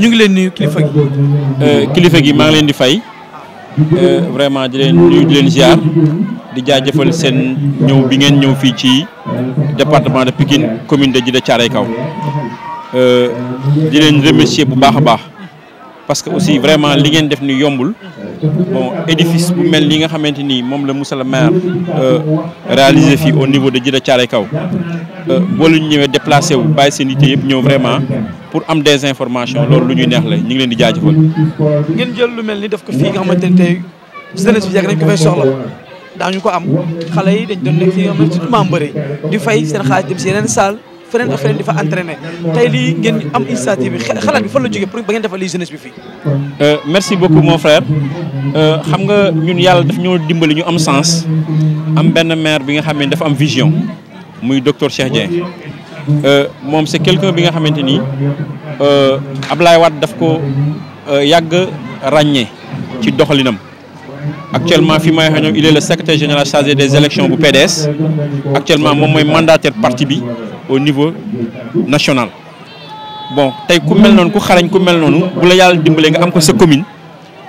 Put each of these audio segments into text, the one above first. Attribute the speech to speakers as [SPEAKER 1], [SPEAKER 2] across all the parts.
[SPEAKER 1] ñu ngi leen nuyu kilifa gi. Euh, kilifa gi maa ngi
[SPEAKER 2] leen di fay euh, vraiment di leen nuyu di leen ziar di jaajëfal seen ñëw bi ngeen ñëw fii ci département de Pikine commune de Djiddah Thiaroye Kaw euh, di leen remercier bu baax a baax parce que aussi vraiment li ngeen def ni yombul bon édifice bu mel ni nga xamante ni moom la Moussa le maire réalisé fii au niveau de Djiddah Thiaroye Kaw boo leen ñëwee déplacé wu bàyyi seen yitte yëpp ñëw vraiment. pour am des informations loolu lu ñuy neex la ñu ngi leen di jaaj jaajëfal.
[SPEAKER 1] ngeen jël lu mel ni def ko fii nga xamante ne tey jeunesse bi yàgg nañ ko fay soxla ñu ko am xale yi dañ doon nekk fii ne surtout di fay seen xaalis dem si yeneen salle feneen ak feneen di fa entraîner tey ngeen am initiative bi xalaat bi fan la jógee pour ba ngeen defal lii jeunesse bi fii.
[SPEAKER 2] Euh, merci beaucoup mon frère
[SPEAKER 1] euh, xam nga ñun
[SPEAKER 2] yàlla daf ñoo dimbali ñu am sens am benn maire bi nga xam ne dafa am vision muy docteur Cheikh Dieng. Euh, moom c'est quelqu'un bi nga xamante ni euh, Ablaye waat daf ko euh, yàgg ràññee ci doxalinam actuellement fi may xañoom il est le secrétaire général chargé des élections bu PDS actuellement moom mooy mandataire parti bi au niveau national bon tey ku mel noonu ku xarañ ku mel noonu bu la yàlla dimbalee nga am ko sa commune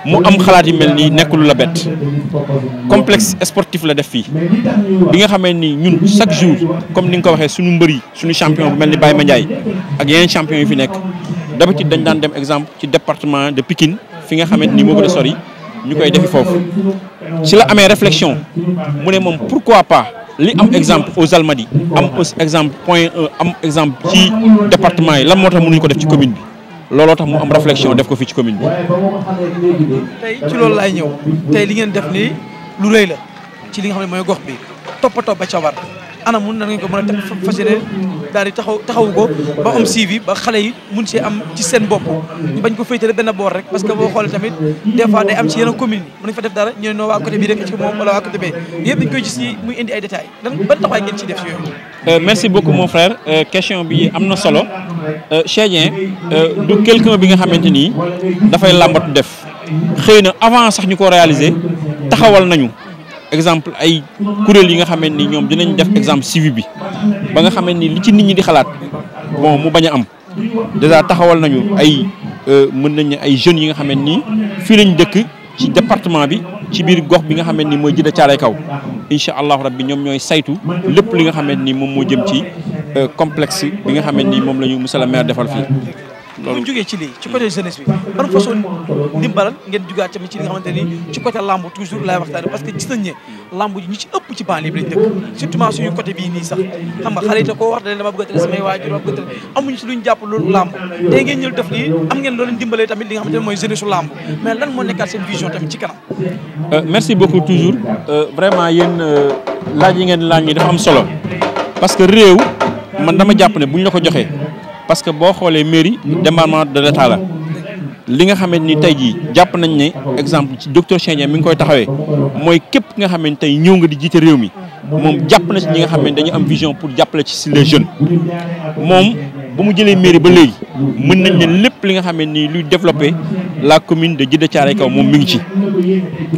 [SPEAKER 2] mu am xalaat yu mel nii nekkulu lu la bett complexe sportif la def fii bi nga xamee ni ñun chaque jour comme ni nga ko waxee suñu mbër yi suñu champion bu mel ni baay Mandiaye ak yeneen champion yi fi nekk d'habitude dañ daan dem exemple ci département de Pikine fi nga xamante ni moo gën a sori ñu koy defi foofu si la amee réflexion mu ne moom pourquoi pas li am exemple aux Almadies am exemple point am exemple ci département yi la moo tax mënuñu ko def ci commune bi looloo tax mu am réflexion def ko fii ci commune bi.
[SPEAKER 1] tey ci loolu laay ñëw tey li ngeen def nii lu rëy la ci li nga xam ne mooy gox bi toppatoo ba ca war anamun nan ngeen ko mën a fas yéene daal di taxaw taxawu ko ba am suivi ba xale yi mun see am ci seen bopp ñu bañ ko féytale benn boor rek parce que boo xoolee tamit des fois day am ci yeneen commune yi mën nañ fa def dara ñu ne waa côté bi rek ci moom wala waa côté bee yëpp dañ koy gis ni muy indi ay détails lan taxawaay ngeen ciy def si yooyu euh,
[SPEAKER 2] merci beaucoup mon frère euh, question bi am na solo euh, Cheikh Dieng euh, du quelqu'un bi nga xamante nii dafay làmbatu def xëy na avant sax ñu ko réaliser taxawal nañu exemple ay kuréel yi nga xamee ni ñoom dinañ def exemple suivi bi ba nga xamee ni li ci nit ñi di xalaat bon mu bañ a am déjà taxawal nañu ay euh, mën nañu ay jeunes yi nga xamee ni fii lañ dëkk ci département bi ci biir gox bi nga xamee ni mooy Djiddah Thiaroye Kaw incha allahu rabbi ñoom ñooy saytu lépp li nga xamee ni moom moo jëm ci euh, complexe bi nga xamee ni moom la ñu monsieur le maire defal fii bu ñu jógee
[SPEAKER 1] ci lii ci côté jeunesse bi mm-hmm. ban façon ndimbalal ngeen jugaat tamit ci li nga xamante ni ci côté lamb toujours laay waxtaane parce que gis nañ ne ji ñu ci ëpp ci banlieue bi lañ dëkk surtout suñu côté nii sax xam nga xale yi koo wax dane dama bëgg a tere samay waajur dama am ngeen loolu dimbalee tamit li nga xamante mooy jeunesse su mais lan moo nekkaat seen vision tamit ci kanam euh, merci
[SPEAKER 2] beaucoup toujours euh, vraiment yéen euh, laaj yi ngeen laaj yi dafa am solo parce man dama jàpp bu ñu la ko joxee parce que boo xoolee mairie département de l'état li nga xamante ni tey jii jàpp nañ ne exemple ci docteur Cheikh mi ngi koy taxawee mooy képp nga xam ne tey ñëw nga di jiite réew mi moom jàpp na ci nga xam ne dañu am vision pour jàppale ci si les jeunes moom bu mu jëlee mairie ba léegi mën nañ ne lépp li nga xam ne nii luy développer la commune de Djeddah Thiaroye kaw moom mi ngi ci.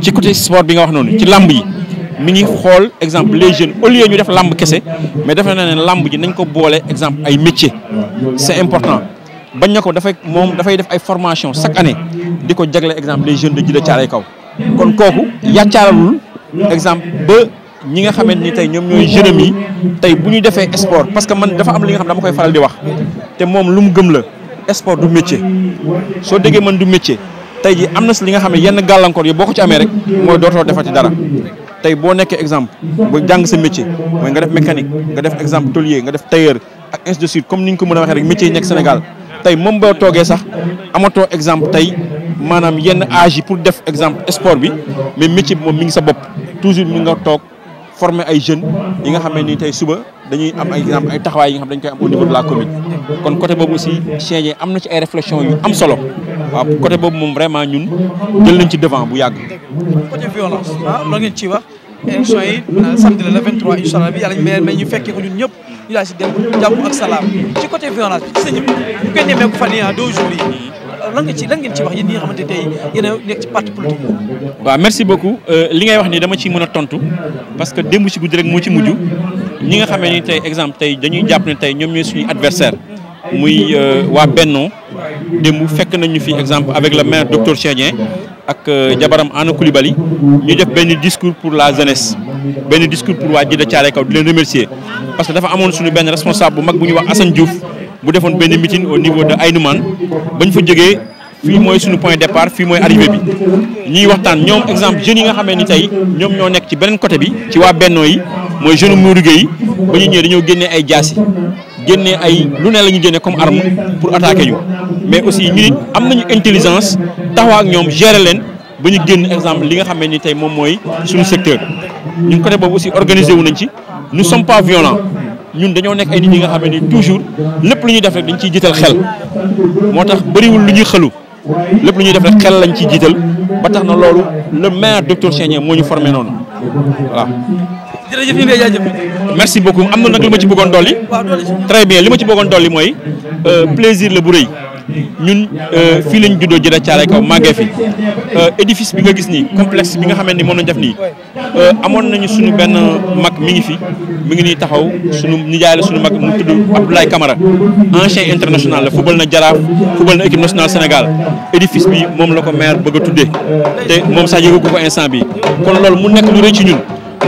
[SPEAKER 2] ci côté sport bi nga wax noonu ci làmb yi. mi ngi xool exemple les jeunes au lieu ñu def làmb kese mais defe na ne làmb ji nañ ko boole exemple ay métier c'est important bañ na ko dafay moom dafay def ay formation sac année di ko jagle exemple les jeunes de Djida Thiaroye Kaw kon kooku yàccaaralul exemple ba ñi nga xamante ni tey ñoom ñooy jeunes yi tey bu ñu defee sport parce que man dafa am li nga xam dama koy faral di wax te moom lu mu gëm la sport du métier soo déggee man du métier tey ji am na si li nga xam ne yenn gàllankoor yi boo ko ci amee rek mooy dootoo defati dara tey boo nekkee exemple ba jàng sa métier mooy nga def mécanique nga def exemple tôlier nga def tailleur ak ainsi de suite comme ni ñu ko mën a waxee rek métier yi nekk Sénégal tey moom boo toogee sax amatoo exemple tey maanaam yenn âge yi pour def exemple sport bi mais métier bi moom mi ngi sa bopp toujours mi nga toog former ay jeunes yi nga xam ne nii tey suba dañuy am ay exemple ay taxawaay yi nga xam dañ koy am au niveau de la commune kon côté boobu aussi Cheikh am na ci ay réflexion yu am solo waaw côté boobu moom vraiment ñun jël nañ ci devant bu yàgg.
[SPEAKER 1] côté violence ah loo ngeen ci wax. élection eh, yi samedi la le 23 incha allah bi yàlla ñu may fekkee ko ñun ñëpp ñu daal si dem jàmm ak salaam ci côté violence bi ñu koy nemmeeku fan yii ah, deux nga ci lan ngeen ci wax yéen ñi nga xamante tey yéen a nekk ci parti politique
[SPEAKER 2] waa merci beaucoup euh, li ngay wax ni dama ciy mën a tontu parce que démb ci guddi rek mu ci mujj ñi nga xamee ni tey exemple tey dañuy jàpp ne tey ñoom ñooy suñuy adversaire muy euh, waa Benno démb fekk nañu fi exemple avec le maire docteur Cheikh ak euh, jabaram Anna Coulibaly ñu def benn discours pour la jeunesse benn discours pour waa Djiddah Thiaroye Kaw di leen remercier parce que dafa amoon suñu benn responsable bu mag bu ñuy wax Assane Diouf bu defoon benn meeting au niveau de Aynoumane bañ fa jógee fii mooy suñu point départ fii mooy arrivée bi ñuy waxtaan ñoom exemple jeunes yi nga xamee ni tey ñoom ñoo nekk ci beneen côté bi ci waa bennoo yi mooy jeune Mourou Gueye ba ñu ñëwee dañoo génnee ay jaas yi génnee ay lu ne la ñu génne comme arme pour attaquer ñu mais aussi ñu nit am nañu intelligence taxaw ak ñoom gérer leen ba ñu génn exemple li nga xam ni tey moom mooy suñu secteur ñun côté boobu aussi organisé wu nañ ci nous sommes pas violents ñun dañoo nekk ay nit ñi nga xam ne ni toujours lépp lu ñuy def rek dañ ciy jiital xel moo tax bëriwul lu ñuy xëlu lépp lu ñuy def rek xel lañ ciy jiital ba tax na loolu le maire docteur Cheikh moo ñu forme noonu waaw. merci beaucoup am na nag ma ci bëggoon dolli. très bien li ma ci bëggoon dolli mooy euh, plaisir la bu rëy ñun euh, fii lañ juddoo jënd caare kaw màggee fi euh, édifice bi nga gis nii complexe bi nga xamante ni moom lañ def nii amoon nañu suñu benn mag mi ngi fi mu ngi nii taxaw suñu nijaay la suñu mag mu tudd Abdoulaye Camara ancien international la football na Jaraaf football na équipe nationale Sénégal édifice bi moom la ko maire bëgg a tuddee te moom sax yëgu ko instant bi kon loolu mu lu rëy ci ñun.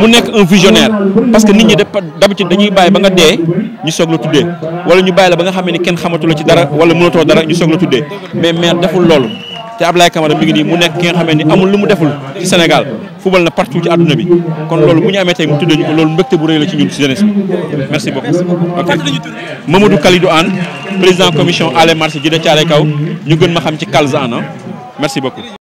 [SPEAKER 2] mu nekk un visionnaire parce que nit ñi d'habitude dañuy bàyyi ba nga dee ñu soog la tuddee wala ñu bàyyi la ba nga xam ne kenn xamatu ci dara wala mënatoo dara ñu soog la tuddee mais maire deful loolu te Ablaye Camara mi ngi nii mu nekk ki nga xamee ni amul lu mu deful ci Sénégal football na partout ci àdduna bi kon loolu bu ñu amee tey mu tuddee loolu mbégte bu rëy la ci ñun ci jeunesse bi merci beaucoup. ok Mamadou Kalidou Anne président commission Allé Marché Djiddah Thiaroye Kaw ñu gën ma xam ci Kalza Anne ah. merci beaucoup.